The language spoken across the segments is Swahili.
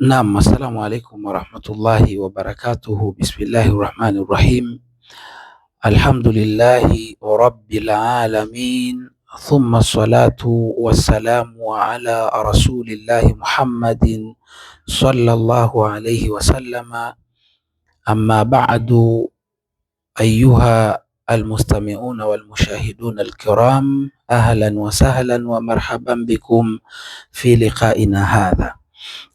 Naam, assalamu alaikum warahmatullahi wabarakatuhu. Bismillahi rahmani rahim. Alhamdulillahi rabbil alamin thumma salatu wassalamu ala rasulillahi Muhammadin sallallahu alayhi wasallama. Amma ba'du, ayuha almustami'una walmushahiduna alkiram, ahlan wa sahlan wa marhaban bikum fi liqaina hadha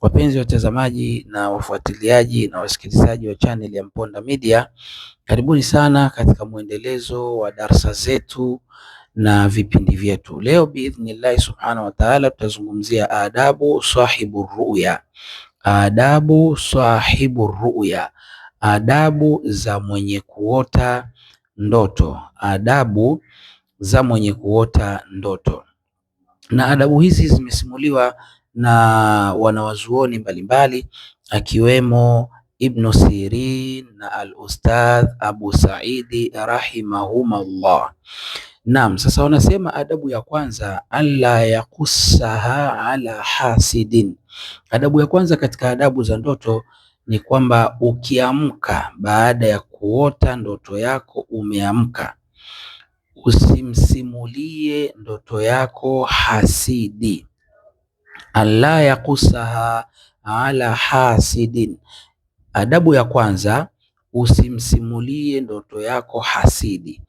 Wapenzi watazamaji na wafuatiliaji na wasikilizaji wa channel ya Mponda Media, karibuni sana katika mwendelezo wa darsa zetu na vipindi vyetu. Leo biidhnillahi subhanahu wa taala tutazungumzia adabu sahibu ruya, adabu sahibu ruya, adabu za mwenye kuota ndoto, adabu za mwenye kuota ndoto. Na adabu hizi zimesimuliwa na wanawazuoni mbalimbali akiwemo Ibnu Sirin na al-Ustadh Abu Saidi rahimahumullah. Naam, sasa wanasema adabu ya kwanza, alla yakussaha ala hasidin. Adabu ya kwanza katika adabu za ndoto ni kwamba ukiamka baada ya kuota ndoto yako umeamka, usimsimulie ndoto yako hasidi an la yakusaha ala hasidin. Adabu ya kwanza usimsimulie ndoto yako hasidi,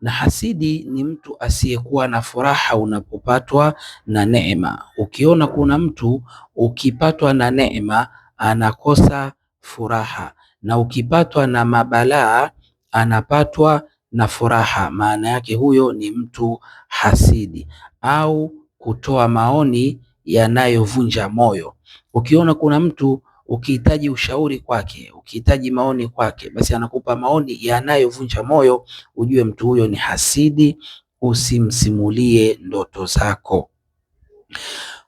na hasidi ni mtu asiyekuwa na furaha unapopatwa na neema. Ukiona kuna mtu ukipatwa na neema anakosa furaha, na ukipatwa na mabalaa anapatwa na furaha, maana yake huyo ni mtu hasidi. Au kutoa maoni yanayovunja moyo. Ukiona kuna mtu ukihitaji ushauri kwake, ukihitaji maoni kwake, basi anakupa maoni yanayovunja moyo, ujue mtu huyo ni hasidi, usimsimulie ndoto zako.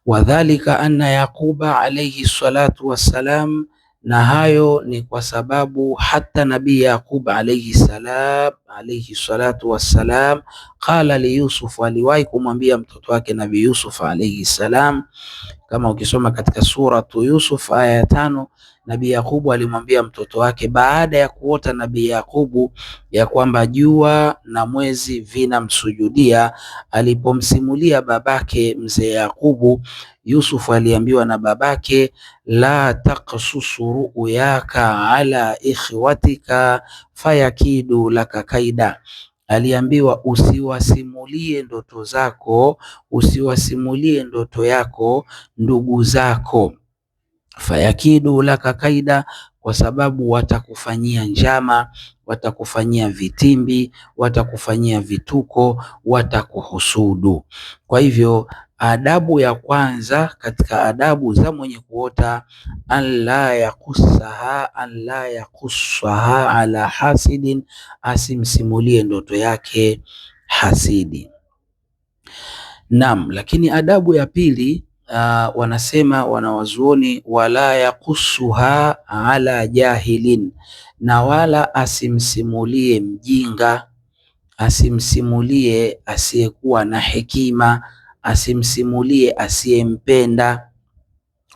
Wadhalika anna Yaquba alayhi salatu wassalam na hayo ni kwa sababu hata Nabii Yaqub alayhi salam alayhi salatu wassalam qala li Yusuf, aliwahi kumwambia mtoto wake Nabii Yusuf alayhi salam kama ukisoma katika suratu Yusuf aya ya tano, Nabii Yaqubu alimwambia mtoto wake baada ya kuota Nabii Yaqubu ya kwamba jua na mwezi vinamsujudia, alipomsimulia babake mzee Yaqubu, Yusuf aliambiwa na babake, la taqsusu ru'yaka ala ikhwatika fayakidu laka kaida aliambiwa usiwasimulie ndoto zako, usiwasimulie ndoto yako ndugu zako, fayakidu laka kaida kwa sababu watakufanyia njama, watakufanyia vitimbi, watakufanyia vituko, watakuhusudu. Kwa hivyo adabu ya kwanza katika adabu za mwenye kuota, anla yakusaha anla yakusaha ala hasidin, asimsimulie ndoto yake hasidi. Naam, lakini adabu ya pili uh, wanasema wanawazuoni wala yakusuha ala jahilin, na wala asimsimulie mjinga, asimsimulie asiyekuwa na hekima, asimsimulie asiyempenda.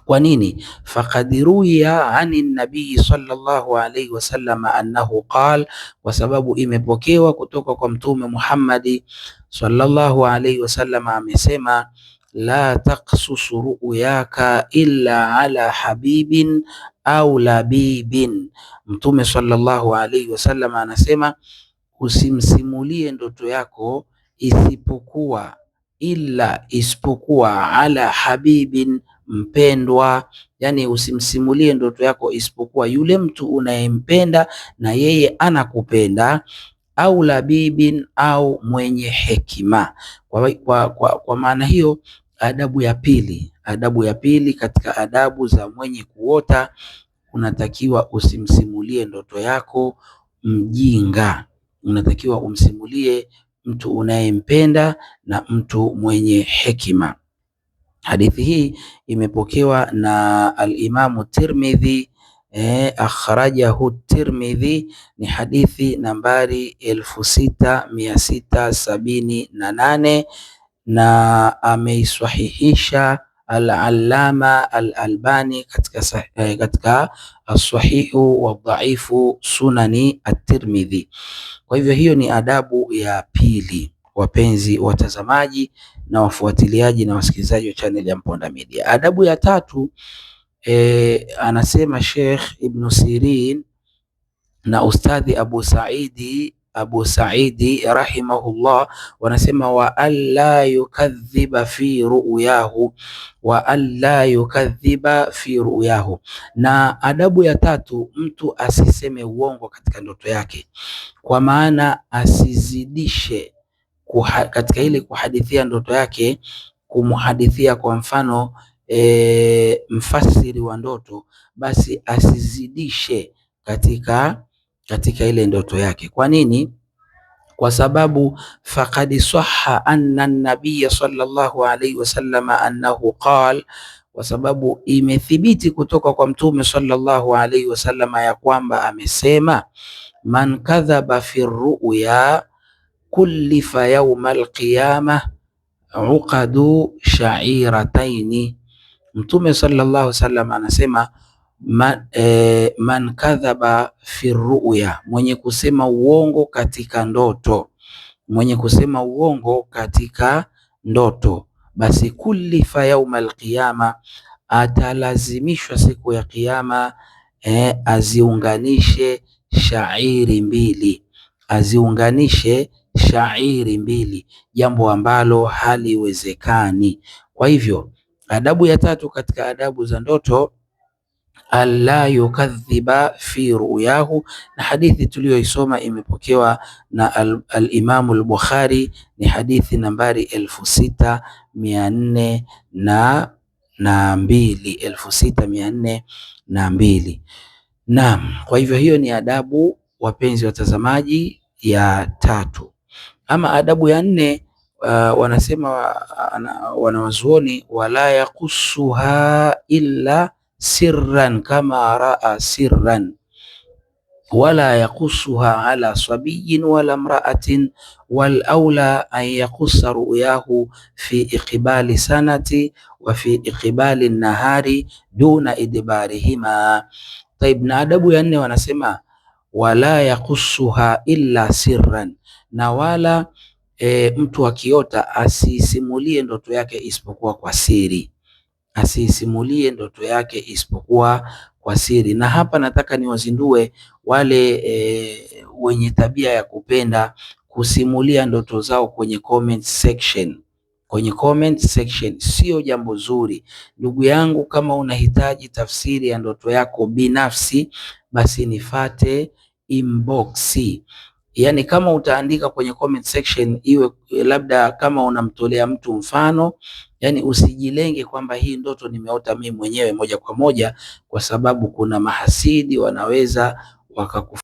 Kwa nini? Faqad ruwiya ani nabii sallallahu alayhi wasallam annahu qal, kwa sababu imepokewa kutoka kwa Mtume Muhammadi sallallahu alayhi wasallam amesema la taksusu ruyaka illa ala habibin au labibin. Mtume sallallahu alaihi wasallam anasema usimsimulie ndoto yako isipokuwa illa isipokuwa ala habibin mpendwa, yani usimsimulie ndoto yako isipokuwa yule mtu unayempenda na yeye anakupenda au labibin au mwenye hekima. Kwa, kwa, kwa, kwa maana hiyo adabu ya pili, adabu ya pili katika adabu za mwenye kuota, unatakiwa usimsimulie ndoto yako mjinga. Unatakiwa umsimulie mtu unayempenda na mtu mwenye hekima. Hadithi hii imepokewa na al-Imamu Tirmidhi eh, akhrajahu Tirmidhi, ni hadithi nambari elfu sita mia sita sabini na nane na ameisahihisha Al-Allama Al-Albani katika, eh, katika as-sahihu wa dhaifu sunani at-Tirmidhi. Kwa hivyo hiyo ni adabu ya pili, wapenzi watazamaji na wafuatiliaji na wasikilizaji wa channel ya Mponda Media. Adabu ya tatu E, anasema Sheikh Ibn Sirin na Ustadhi Abu Saidi Abu Saidi rahimahullah wanasema wa alla yukadhiba fi ru'yahu, wa alla yukadhiba fi ru'yahu. Na adabu ya tatu, mtu asiseme uongo katika ndoto yake, kwa maana asizidishe kuha, katika ile kuhadithia ndoto yake kumhadithia kwa mfano e, mfasiri wa ndoto basi asizidishe katika, katika ile ndoto yake. Kwa nini? Kwa sababu faqad sahha anna nabiyya sallallahu alayhi wasallam annahu qal kwa sababu imethibiti kutoka kwa mtume sallallahu alayhi wasallam ya kwamba amesema man kadhaba fi ru'ya kullifa yawm alqiyamah uqadu sha'irataini Mtume sallallahu alaihi wasallam anasema man, eh, man kadhaba fi ruya, mwenye kusema uongo katika ndoto, mwenye kusema uongo katika ndoto, basi kulifa yauma alqiyama, atalazimishwa siku ya Kiyama e, aziunganishe shairi mbili, aziunganishe shairi mbili, jambo ambalo haliwezekani. Kwa hivyo Adabu ya tatu katika adabu za ndoto, alla yukadhiba fi ruyahu. Na hadithi tuliyoisoma imepokewa na al-Imamu al-Bukhari, ni hadithi nambari elfu sita mia nne na na mbili, elfu sita mia nne na mbili. Naam, kwa hivyo hiyo ni adabu, wapenzi watazamaji, ya tatu. Ama adabu ya nne wanasema wanawazuoni wala yakusuha illa sirran kama raa sirran wala yakusuha ala sabiyin wala mraatin wal aula an yakusa ruyahu fi iqbali sanati wa fi iqbali nahari duna idbarihima. Taib, na adabu ya nne wanasema wala yakusuha illa sirran, na wala e, mtu akiota asisimulie ndoto yake isipokuwa kwa siri, asisimulie ndoto yake isipokuwa kwa siri. Na hapa nataka niwazindue wale e, wenye tabia ya kupenda kusimulia ndoto zao kwenye comment section kwenye comment section, sio jambo zuri ndugu yangu. Kama unahitaji tafsiri ya ndoto yako binafsi, basi nifate inbox yani kama utaandika kwenye comment section iwe eh, labda kama unamtolea mtu mfano, yani usijilenge kwamba hii ndoto nimeota mimi mwenyewe moja kwa moja, kwa sababu kuna mahasidi wanaweza wakaku